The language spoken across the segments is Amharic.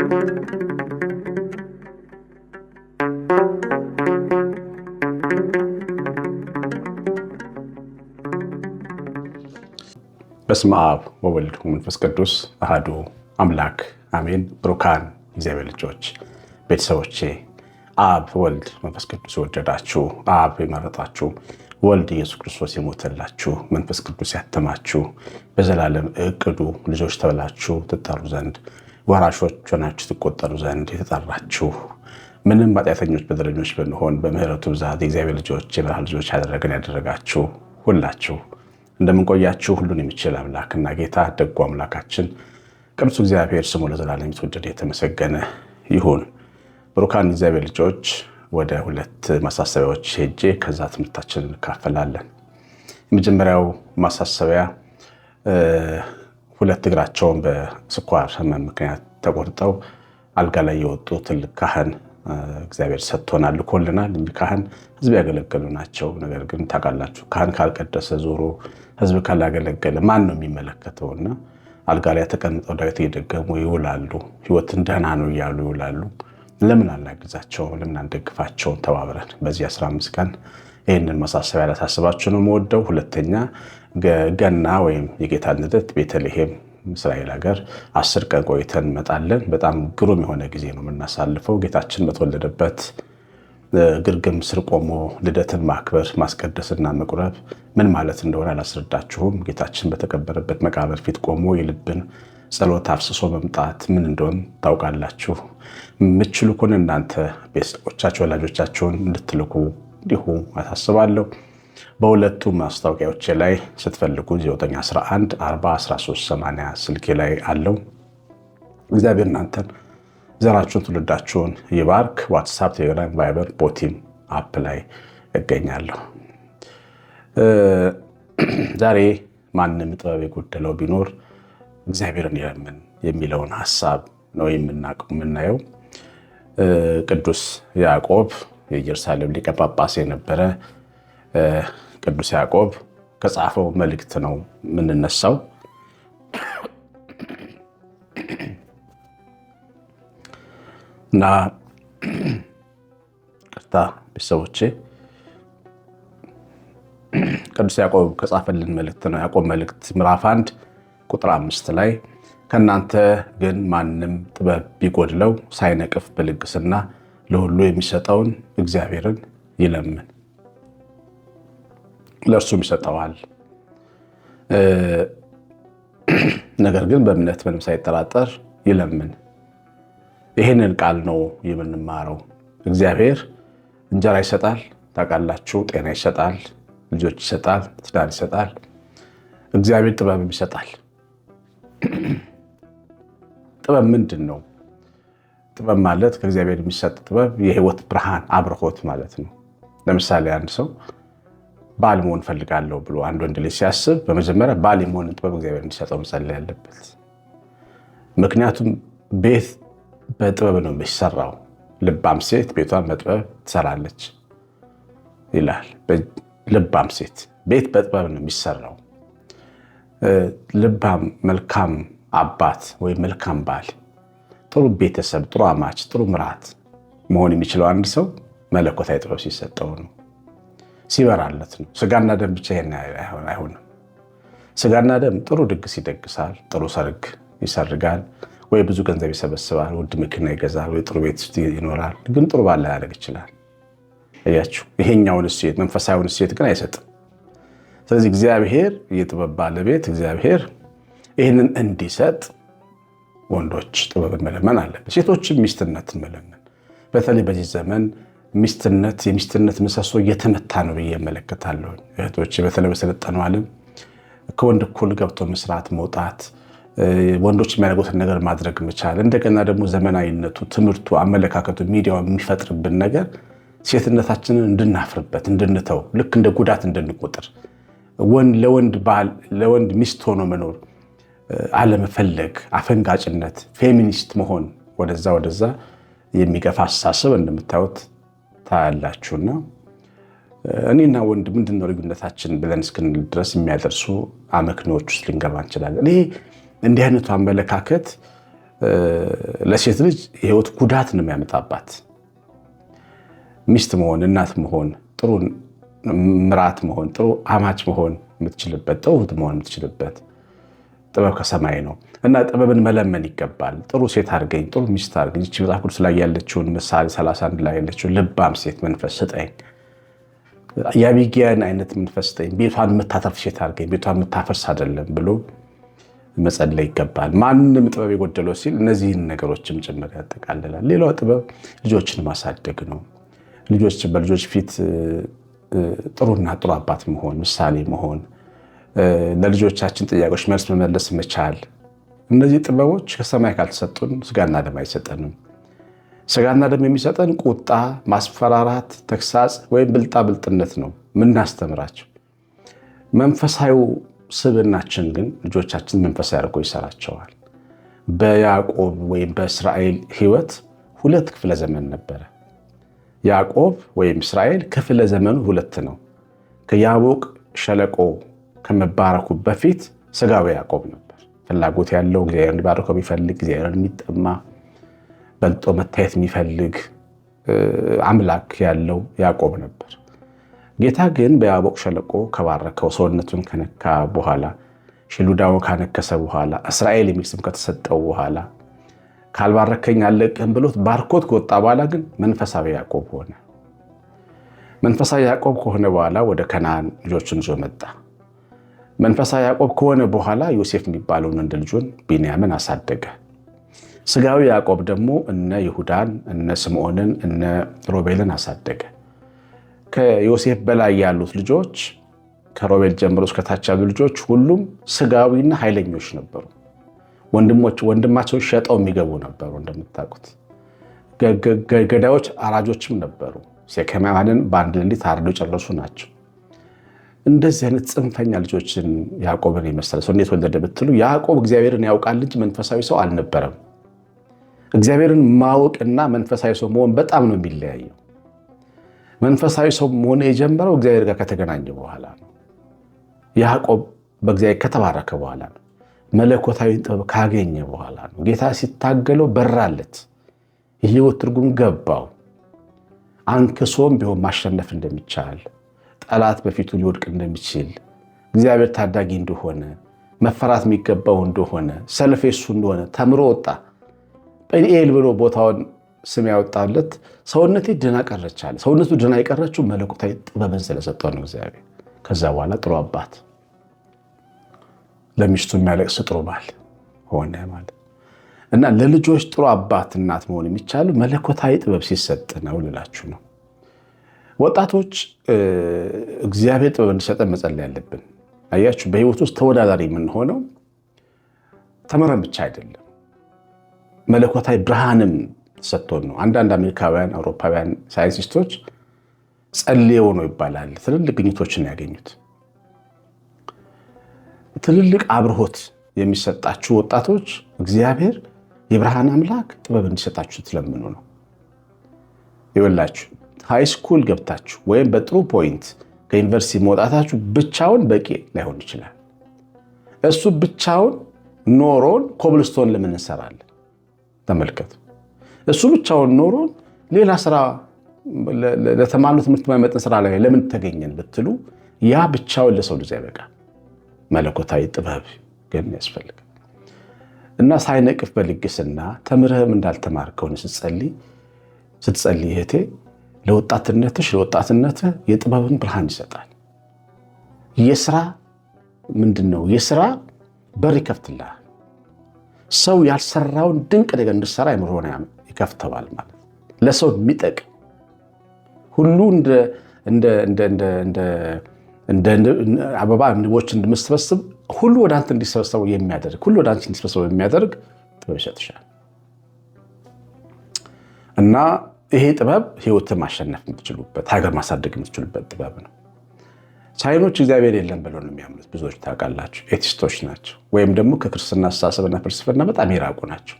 በስመ አብ ወወልድ ወመንፈስ ቅዱስ አሐዱ አምላክ አሜን። ብሩካን እግዚአብሔር ልጆች ቤተሰቦቼ አብ ወልድ መንፈስ ቅዱስ የወደዳችሁ አብ የመረጣችሁ ወልድ ኢየሱስ ክርስቶስ የሞተላችሁ መንፈስ ቅዱስ ያተማችሁ በዘላለም እቅዱ ልጆች ተብላችሁ ትጠሩ ዘንድ ወራሾች ሆናችሁ ትቆጠሩ ዘንድ የተጠራችሁ ምንም ኃጢአተኞች በደለኞች ብንሆን በምሕረቱ ብዛት የእግዚአብሔር ልጆች የበረሃ ልጆች ያደረገን ያደረጋችሁ ሁላችሁ እንደምንቆያችሁ ሁሉን የሚችል አምላክና ጌታ ደጉ አምላካችን ቅዱስ እግዚአብሔር ስሙ ለዘላለም የተወደደ የተመሰገነ ይሁን። ብሩካን እግዚአብሔር ልጆች ወደ ሁለት ማሳሰቢያዎች ሄጄ ከዛ ትምህርታችን እንካፈላለን። የመጀመሪያው ማሳሰቢያ ሁለት እግራቸውን በስኳር ህመም ምክንያት ተቆርጠው አልጋ ላይ የወጡ ትልቅ ካህን እግዚአብሔር ሰጥቶናል ልኮልናል። እንዲህ ካህን ህዝብ ያገለገሉ ናቸው። ነገር ግን ታውቃላችሁ ካህን ካልቀደሰ ዞሮ ህዝብ ካላገለገለ ማን ነው የሚመለከተውና አልጋ ላይ ተቀምጠው ዳዊት እየደገሙ ይውላሉ። ህይወትን ደህና ነው እያሉ ይውላሉ። ለምን አናግዛቸውም? ለምን አንደግፋቸውን? ተባብረን በዚህ 15 ቀን ይህንን መሳሰቢያ ላሳስባችሁ ነው የምወደው። ሁለተኛ ገና ወይም የጌታን ልደት ቤተልሔም እስራኤል ሀገር አስር ቀን ቆይተን እንመጣለን። በጣም ግሩም የሆነ ጊዜ ነው የምናሳልፈው። ጌታችን በተወለደበት ግርግም ስር ቆሞ ልደትን ማክበር ማስቀደስና መቁረብ ምን ማለት እንደሆነ አላስረዳችሁም። ጌታችን በተቀበረበት መቃብር ፊት ቆሞ የልብን ጸሎት አፍስሶ መምጣት ምን እንደሆን ታውቃላችሁ። የምትችሉ ከሆነ እናንተ ቤተሰቦቻችሁ ወላጆቻችሁን እንድትልኩ እንዲሁ አሳስባለሁ። በሁለቱም ማስታወቂያዎች ላይ ስትፈልጉ 911 ስልኬ ላይ አለው። እግዚአብሔር እናንተን ዘራችሁን ትውልዳችሁን ይባርክ። ዋትሳፕ፣ ቴሌግራም፣ ቫይበር፣ ቦቲም አፕ ላይ እገኛለሁ። ዛሬ ማንም ጥበብ የጎደለው ቢኖር እግዚአብሔርን ይለምን የሚለውን ሀሳብ ነው የምናየው። ቅዱስ ያዕቆብ የኢየሩሳሌም ሊቀ ጳጳስ የነበረ ቅዱስ ያዕቆብ ከጻፈው መልእክት ነው የምንነሳው። እና ቅርታ ቤተሰቦቼ ቅዱስ ያዕቆብ ከጻፈልን መልእክት ነው። ያዕቆብ መልእክት ምዕራፍ አንድ ቁጥር አምስት ላይ ከእናንተ ግን ማንም ጥበብ ቢጎድለው ሳይነቅፍ በልግስና ለሁሉ የሚሰጠውን እግዚአብሔርን ይለምን። ለእርሱም ይሰጠዋል። ነገር ግን በእምነት ምንም ሳይጠራጠር ይለምን። ይህንን ቃል ነው የምንማረው። እግዚአብሔር እንጀራ ይሰጣል፣ ታውቃላችሁ፣ ጤና ይሰጣል፣ ልጆች ይሰጣል፣ ትዳር ይሰጣል። እግዚአብሔር ጥበብም ይሰጣል። ጥበብ ምንድን ነው? ጥበብ ማለት ከእግዚአብሔር የሚሰጥ ጥበብ የህይወት ብርሃን አብርሆት ማለት ነው። ለምሳሌ አንድ ሰው ባል መሆን ፈልጋለሁ ብሎ አንድ ወንድ ልጅ ሲያስብ በመጀመሪያ ባል የመሆን ጥበብ እግዚአብሔር እንዲሰጠው መጸለይ ያለበት። ምክንያቱም ቤት በጥበብ ነው የሚሰራው። ልባም ሴት ቤቷን በጥበብ ትሰራለች ይላል። ልባም ሴት ቤት በጥበብ ነው የሚሰራው። ልባም መልካም አባት ወይም መልካም ባል፣ ጥሩ ቤተሰብ፣ ጥሩ አማች፣ ጥሩ ምራት መሆን የሚችለው አንድ ሰው መለኮታዊ ጥበብ ሲሰጠው ነው። ሲበራለት ነው። ስጋና ደም ብቻ ይሄን አይሆንም። ስጋና ደም ጥሩ ድግስ ይደግሳል፣ ጥሩ ሰርግ ይሰርጋል፣ ወይ ብዙ ገንዘብ ይሰበስባል፣ ውድ መኪና ይገዛል፣ ወይ ጥሩ ቤት ይኖራል። ግን ጥሩ ባለ ላያደርግ ይችላል። እያችሁ ይሄኛውን እሴት መንፈሳዊውን እሴት ግን አይሰጥም። ስለዚህ እግዚአብሔር የጥበብ ባለቤት እግዚአብሔር ይህንን እንዲሰጥ ወንዶች ጥበብን መለመን አለብን። ሴቶችም ሚስትነትን መለመን በተለይ በዚህ ዘመን ሚስትነት የሚስትነት ምሰሶ እየተመታ ነው ብዬ እመለከታለሁ። እህቶች በተለይ በሰለጠነው ዓለም ከወንድ እኩል ገብቶ መስራት መውጣት፣ ወንዶች የሚያደርጉትን ነገር ማድረግ መቻል፣ እንደገና ደግሞ ዘመናዊነቱ፣ ትምህርቱ፣ አመለካከቱ፣ ሚዲያው የሚፈጥርብን ነገር ሴትነታችንን እንድናፍርበት እንድንተው፣ ልክ እንደ ጉዳት እንድንቆጥር ለወንድ ባል ለወንድ ሚስት ሆኖ መኖር አለመፈለግ፣ አፈንጋጭነት፣ ፌሚኒስት መሆን ወደዛ ወደዛ የሚገፋ አስተሳሰብ እንደምታዩት ታያላችሁና እኔና ወንድ ምንድነው ልዩነታችን ብለን እስክንል ድረስ የሚያደርሱ አመክንዮዎች ውስጥ ልንገባ እንችላለን። ይሄ እንዲህ አይነቱ አመለካከት ለሴት ልጅ የህይወት ጉዳት ነው የሚያመጣባት። ሚስት መሆን፣ እናት መሆን፣ ጥሩ ምራት መሆን፣ ጥሩ አማች መሆን የምትችልበት ጥሩ እህት መሆን የምትችልበት ጥበብ ከሰማይ ነው እና ጥበብን መለመን ይገባል። ጥሩ ሴት አድርገኝ፣ ጥሩ ሚስት አድርገኝ። ይቺ መጽሐፍ ቅዱስ ላይ ያለችውን ምሳሌ 31 ላይ ያለችውን ልባም ሴት መንፈስ ስጠኝ፣ የአቢጊያን አይነት መንፈስ ስጠኝ፣ ቤቷን የምታተርፍ ሴት አድርገኝ፣ ቤቷን የምታፈርስ አይደለም ብሎ መጸለይ ይገባል። ማንም ጥበብ የጎደለው ሲል እነዚህን ነገሮችም ጭምር ያጠቃልላል። ሌላው ጥበብ ልጆችን ማሳደግ ነው። ልጆች በልጆች ፊት ጥሩና ጥሩ አባት መሆን፣ ምሳሌ መሆን ለልጆቻችን ጥያቄዎች መልስ መመለስ መቻል። እነዚህ ጥበቦች ከሰማይ ካልተሰጡን ስጋና ደም አይሰጠንም። ስጋና ደም የሚሰጠን ቁጣ፣ ማስፈራራት፣ ተግሳጽ ወይም ብልጣ ብልጥነት ነው ምናስተምራቸው። መንፈሳዊ ስብናችን ግን ልጆቻችን መንፈሳዊ አድርጎ ይሰራቸዋል። በያዕቆብ ወይም በእስራኤል ህይወት ሁለት ክፍለ ዘመን ነበረ። ያዕቆብ ወይም እስራኤል ክፍለ ዘመኑ ሁለት ነው። ከያቦቅ ሸለቆ ከመባረኩ በፊት ስጋዊ ያዕቆብ ነበር። ፍላጎት ያለው እግዚአብሔር እንዲባርከው የሚፈልግ እግዚአብሔር የሚጠማ በልጦ መታየት የሚፈልግ አምላክ ያለው ያዕቆብ ነበር። ጌታ ግን በያቦቅ ሸለቆ ከባረከው ሰውነቱን ከነካ በኋላ ሽሉዳውን ካነከሰ በኋላ እስራኤል የሚል ስም ከተሰጠው በኋላ ካልባረከኝ አለቅህም ብሎት ባርኮት ከወጣ በኋላ ግን መንፈሳዊ ያዕቆብ ሆነ። መንፈሳዊ ያዕቆብ ከሆነ በኋላ ወደ ከነዓን ልጆችን ይዞ መጣ። መንፈሳዊ ያዕቆብ ከሆነ በኋላ ዮሴፍ የሚባለውን ወንድ ልጁን ቢንያምን አሳደገ። ስጋዊ ያዕቆብ ደግሞ እነ ይሁዳን፣ እነ ስምዖንን፣ እነ ሮቤልን አሳደገ። ከዮሴፍ በላይ ያሉት ልጆች ከሮቤል ጀምሮ እስከታች ያሉ ልጆች ሁሉም ስጋዊና ኃይለኞች ነበሩ። ወንድሞች ወንድማቸውን ሸጠው የሚገቡ ነበሩ። እንደምታውቁት ገዳዮች፣ አራጆችም ነበሩ። ሴኬማውያንን በአንድ ሌሊት አርደው ጨረሱ ናቸው። እንደዚህ አይነት ጽንፈኛ ልጆችን ያዕቆብን የመሰለ ሰው እንዴት ወለደ ብትሉ ያዕቆብ እግዚአብሔርን ያውቃል እንጂ መንፈሳዊ ሰው አልነበረም። እግዚአብሔርን ማወቅና መንፈሳዊ ሰው መሆን በጣም ነው የሚለያየው። መንፈሳዊ ሰው መሆን የጀመረው እግዚአብሔር ጋር ከተገናኘ በኋላ ነው። ያዕቆብ በእግዚአብሔር ከተባረከ በኋላ ነው። መለኮታዊ ጥበብ ካገኘ በኋላ ነው። ጌታ ሲታገለው በራለት፣ የህይወት ትርጉም ገባው። አንክሶም ቢሆን ማሸነፍ እንደሚቻል ጠላት በፊቱ ሊወድቅ እንደሚችል እግዚአብሔር ታዳጊ እንደሆነ መፈራት የሚገባው እንደሆነ ሰልፍ የሱ እንደሆነ ተምሮ ወጣ። ጵኒኤል ብሎ ቦታውን ስም ያወጣለት ሰውነቴ ድና ቀረች አለ። ሰውነቱ ድና የቀረችው መለኮታዊ ጥበብን ስለሰጠው ነው እግዚአብሔር። ከዛ በኋላ ጥሩ አባት፣ ለሚስቱ የሚያለቅስ ጥሩ ባል ሆነ ማለት እና ለልጆች ጥሩ አባት እናት መሆን የሚቻሉ መለኮታዊ ጥበብ ሲሰጥ ነው ልላችሁ ነው። ወጣቶች እግዚአብሔር ጥበብ እንዲሰጠን መጸለይ ያለብን። አያችሁ፣ በህይወት ውስጥ ተወዳዳሪ የምንሆነው ተምረን ብቻ አይደለም፣ መለኮታዊ ብርሃንም ሰጥቶን ነው። አንዳንድ አሜሪካውያን፣ አውሮፓውያን ሳይንቲስቶች ጸልየው ነው ይባላል ትልልቅ ግኝቶችን ያገኙት። ትልልቅ አብርሆት የሚሰጣችሁ ወጣቶች እግዚአብሔር የብርሃን አምላክ ጥበብ እንዲሰጣችሁ ትለምኑ ነው ይወላችሁ ሃይስኩል ገብታችሁ ወይም በጥሩ ፖይንት ከዩኒቨርሲቲ መውጣታችሁ ብቻውን በቂ ላይሆን ይችላል። እሱ ብቻውን ኖሮን ኮብልስቶን ለምን እንሰራለን? ተመልከቱ። እሱ ብቻውን ኖሮን ሌላ ስራ ለተማርነው ትምህርት የማይመጥን ስራ ላይ ለምን ተገኘን ብትሉ ያ ብቻውን ለሰው ልጅ አይበቃም። መለኮታዊ ጥበብ ግን ያስፈልጋል እና ሳይነቅፍ በልግስና ተምረህም እንዳልተማርከውን ስትጸልይ ስትጸልይ እህቴ ለወጣትነትሽ ለወጣትነት የጥበብን ብርሃን ይሰጣል። የስራ ምንድን ነው? የስራ በር ይከፍትላ ሰው ያልሰራውን ድንቅ ነገር እንድሰራ የምርሆነ ይከፍተዋል። ማለት ለሰው የሚጠቅም ሁሉ አበባ ንቦች እንደምትሰበስብ ሁሉ ወደ አንተ እንዲሰበሰቡ የሚያደርግ ሁሉ ወደ አንቺ እንዲሰበሰቡ የሚያደርግ ጥበብ ይሰጥሻል እና ይሄ ጥበብ ህይወትን ማሸነፍ የምትችሉበት ሀገር ማሳደግ የምትችሉበት ጥበብ ነው። ቻይኖች እግዚአብሔር የለም ብለው ነው የሚያምኑት። ብዙዎች ታውቃላችሁ፣ ኤቲስቶች ናቸው፣ ወይም ደግሞ ከክርስትና አስተሳሰብና ፍልስፍና በጣም የራቁ ናቸው።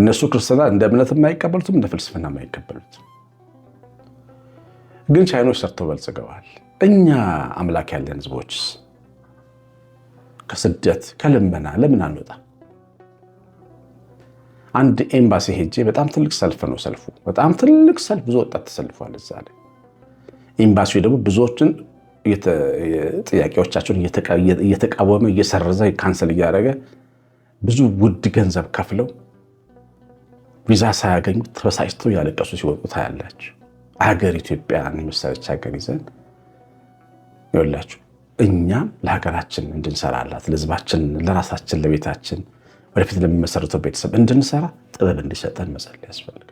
እነሱ ክርስትና እንደ እምነት የማይቀበሉትም እንደ ፍልስፍና የማይቀበሉትም። ግን ቻይኖች ሰርተው በልጽገዋል። እኛ አምላክ ያለን ህዝቦችስ ከስደት ከልመና ለምን አንወጣ? አንድ ኤምባሲ ሄጄ በጣም ትልቅ ሰልፍ ነው ሰልፉ፣ በጣም ትልቅ ሰልፍ፣ ብዙ ወጣት ተሰልፏል እዛ ላይ። ኤምባሲው ደግሞ ብዙዎችን ጥያቄዎቻቸውን እየተቃወመ እየሰረዘ ካንሰል እያደረገ ብዙ ውድ ገንዘብ ከፍለው ቪዛ ሳያገኙ ተበሳጭተው ያለቀሱ ሲወጡ ታያላችሁ። አገር ኢትዮጵያ የመሰለች ሀገር ይዘን ይወላችሁ እኛም ለሀገራችን እንድንሰራላት ለህዝባችን፣ ለራሳችን፣ ለቤታችን ወደፊት ለሚመሰረተው ቤተሰብ እንድንሰራ ጥበብ እንዲሰጠን መጸለይ ያስፈልጋል።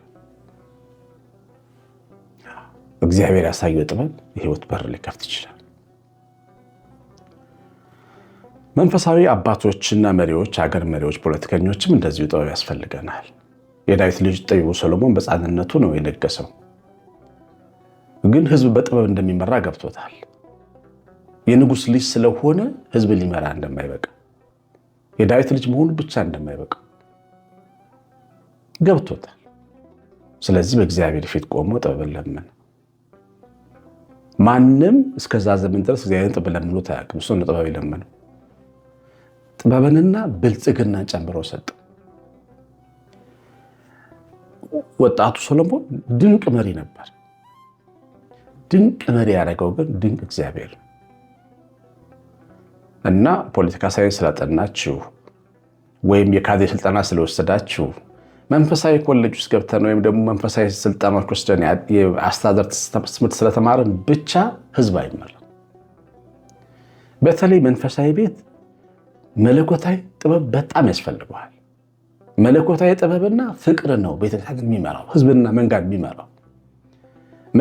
እግዚአብሔር ያሳየው ጥበብ የህይወት በር ሊከፍት ይችላል። መንፈሳዊ አባቶችና መሪዎች፣ ሀገር መሪዎች፣ ፖለቲከኞችም እንደዚሁ ጥበብ ያስፈልገናል። የዳዊት ልጅ ጠቢቡ ሰሎሞን በሕፃንነቱ ነው የነገሰው፣ ግን ህዝብ በጥበብ እንደሚመራ ገብቶታል። የንጉሥ ልጅ ስለሆነ ህዝብ ሊመራ እንደማይበቃ የዳዊት ልጅ መሆኑ ብቻ እንደማይበቃ ገብቶታል። ስለዚህ በእግዚአብሔር ፊት ቆሞ ጥበብን ለመነ። ማንም እስከዛ ዘመን ድረስ እግዚአብሔር ጥበብ ለምኖ አያውቅም። እሱ ጥበብ የለመነው። ጥበብንና ብልጽግናን ጨምሮ ሰጠ። ወጣቱ ሶሎሞን ድንቅ መሪ ነበር። ድንቅ መሪ ያደረገው ግን ድንቅ እግዚአብሔር ነው። እና ፖለቲካ ሳይንስ ስላጠናችሁ ወይም የካድሬ ስልጠና ስለወሰዳችሁ መንፈሳዊ ኮሌጅ ውስጥ ገብተን ወይም ደግሞ መንፈሳዊ ስልጠናዎች ወስደን የአስተዳደር ትምህርት ስለተማርን ብቻ ህዝብ አይመራም። በተለይ መንፈሳዊ ቤት መለኮታዊ ጥበብ በጣም ያስፈልገዋል። መለኮታዊ ጥበብና ፍቅር ነው ቤተክርስቲያን የሚመራው ህዝብና መንጋድ የሚመራው።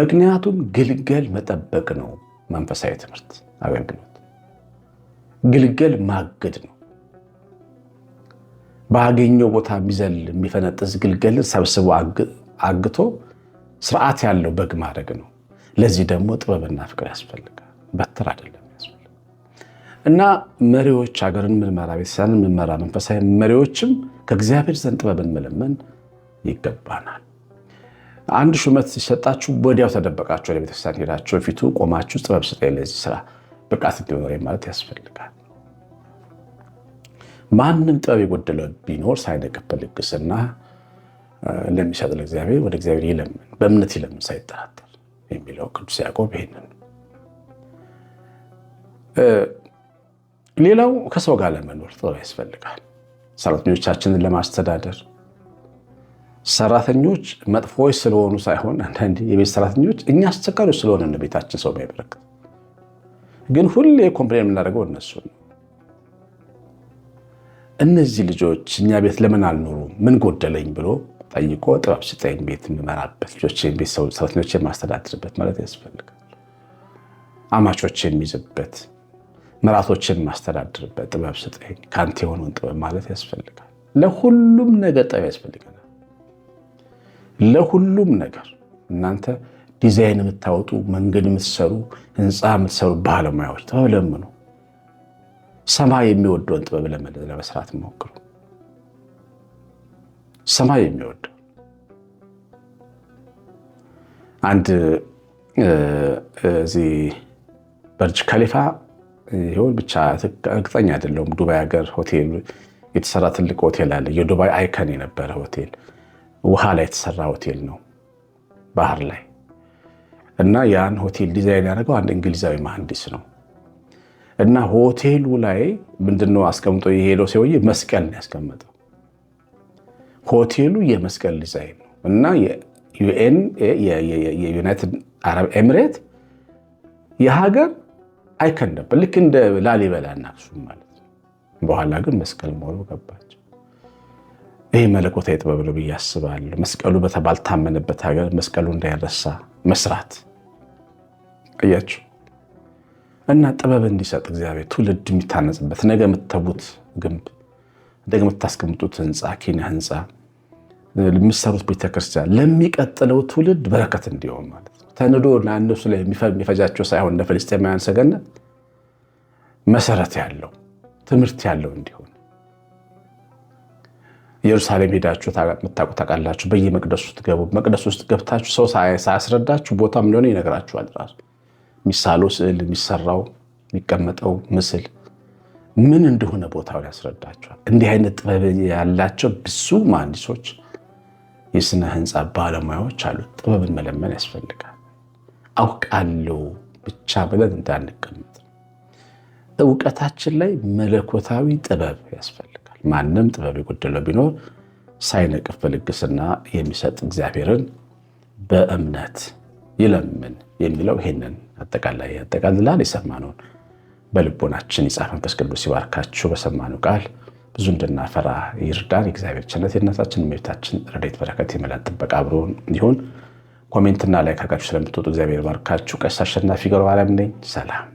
ምክንያቱም ግልገል መጠበቅ ነው መንፈሳዊ ትምህርት አገልግሎት ግልገል ማገድ ነው። ባገኘው ቦታ የሚዘል የሚፈነጥስ ግልገልን ሰብስቦ አግቶ ስርዓት ያለው በግ ማድረግ ነው። ለዚህ ደግሞ ጥበብና ፍቅር ያስፈልጋል። በትር አይደለም እና መሪዎች ሀገርን ምንመራ፣ ቤተሰብን ምንመራ፣ መንፈሳዊ መሪዎችም ከእግዚአብሔር ዘንድ ጥበብን መለመን ይገባናል። አንድ ሹመት ሲሰጣችሁ ወዲያው ተደበቃችሁ ለቤተክርስቲያን ቤተክርስቲያን ሄዳችሁ ቆማችሁ ጥበብ ስጠኝ ለዚህ ስራ ብቃት እንዲኖረኝ ማለት ያስፈልጋል። ማንም ጥበብ የጎደለው ቢኖር ሳይነቅፍ ልግስና ለሚሰጥ ለእግዚአብሔር ወደ እግዚአብሔር ይለምን፣ በእምነት ይለምን ሳይጠራጠር የሚለው ቅዱስ ያዕቆብ ይሄንን። ሌላው ከሰው ጋር ለመኖር ጥበብ ያስፈልጋል። ሰራተኞቻችንን ለማስተዳደር ሰራተኞች መጥፎች ስለሆኑ ሳይሆን አንዳንድ የቤት ሰራተኞች እኛ አስቸጋሪዎች ስለሆነ ቤታችን ሰው ባይበረክት፣ ግን ሁሌ ኮምፕሌን የምናደርገው እነሱ ነው እነዚህ ልጆች እኛ ቤት ለምን አልኖሩ? ምን ጎደለኝ ብሎ ጠይቆ ጥበብ ስጠኝ ቤት የምመራበት ልጆቼን ቤት ሰራተኞቼን የማስተዳድርበት ማለት ያስፈልጋል። አማቾች የሚይዝበት ምራቶችን ማስተዳድርበት ጥበብ ስጠኝ ከአንተ የሆነውን ጥበብ ማለት ያስፈልጋል። ለሁሉም ነገር ጥበብ ያስፈልገናል። ለሁሉም ነገር እናንተ ዲዛይን የምታወጡ መንገድ የምትሰሩ ህንፃ የምትሰሩ ባለሙያዎች ጥበብ ለምኑ። ሰማይ የሚወደውን ጥበብ ለመስራት ሞክሩ። ሰማይ የሚወደው አንድ እዚህ በርጅ ካሊፋ ይሁን ብቻ እርግጠኛ አይደለሁም። ዱባይ ሀገር ሆቴል የተሰራ ትልቅ ሆቴል አለ። የዱባይ አይከን የነበረ ሆቴል፣ ውሃ ላይ የተሰራ ሆቴል ነው፣ ባህር ላይ እና ያን ሆቴል ዲዛይን ያደረገው አንድ እንግሊዛዊ መሐንዲስ ነው። እና ሆቴሉ ላይ ምንድነው አስቀምጦ የሄደው ሰውዬ መስቀል ነው ያስቀመጠው። ሆቴሉ የመስቀል ዲዛይን ነው እና የዩኤን የዩናይትድ አረብ ኤምሬት የሀገር አይከን ነበር፣ ልክ እንደ ላሊበላ እና አክሱም ማለት ነው። በኋላ ግን መስቀል መሆኑ ገባቸው። ይህ መለኮታዊ ጥበብ ነው ብዬ አስባለሁ። መስቀሉ በተባልታመንበት ሀገር መስቀሉ እንዳይረሳ መስራት እያችሁ እና ጥበብ እንዲሰጥ እግዚአብሔር ትውልድ የሚታነጽበት ነገ የምትተቡት ግንብ ደግ የምታስቀምጡት ህንፃ ኬንያ ህንፃ የሚሰሩት ቤተክርስቲያን ለሚቀጥለው ትውልድ በረከት እንዲሆን ማለት ነው። ተንዶ እነሱ ላይ የሚፈጃቸው ሳይሆን እንደ ሰገነት መሰረት ያለው ትምህርት ያለው እንዲሆን ኢየሩሳሌም ሄዳችሁ የምታውቁ ታውቃላችሁ። በየመቅደሱ ስትገቡ መቅደሱ ውስጥ ገብታችሁ ሰው ሳያስረዳችሁ ቦታም እንደሆነ ይነግራችኋል ራሱ የሚሳለው ስዕል፣ የሚሰራው የሚቀመጠው ምስል ምን እንደሆነ ቦታውን ያስረዳቸዋል። እንዲህ አይነት ጥበብ ያላቸው ብዙ መሐንዲሶች፣ የስነ ህንፃ ባለሙያዎች አሉ። ጥበብን መለመን ያስፈልጋል። አውቃለሁ ብቻ ብለን እንዳንቀመጥ፣ እውቀታችን ላይ መለኮታዊ ጥበብ ያስፈልጋል። ማንም ጥበብ የጎደለው ቢኖር ሳይነቅፍ በልግስና የሚሰጥ እግዚአብሔርን በእምነት ይለምን የሚለው ይሄንን አጠቃላይ ያጠቃልላል። የሰማነውን በልቦናችን ይጻፍ። መንፈስ ቅዱስ ይባርካችሁ። በሰማነው ቃል ብዙ እንድናፈራ ይርዳን። የእግዚአብሔር ቸርነት፣ የእናታችን እመቤታችን ረድኤት በረከት፣ የመላእክት ጥበቃ አብሮን ይሁን። ኮሜንትና ላይ ካርጋችሁ ስለምትወጡ እግዚአብሔር ይባርካችሁ። ቀሲስ አሸናፊ ገብረማርያም ነኝ። ሰላም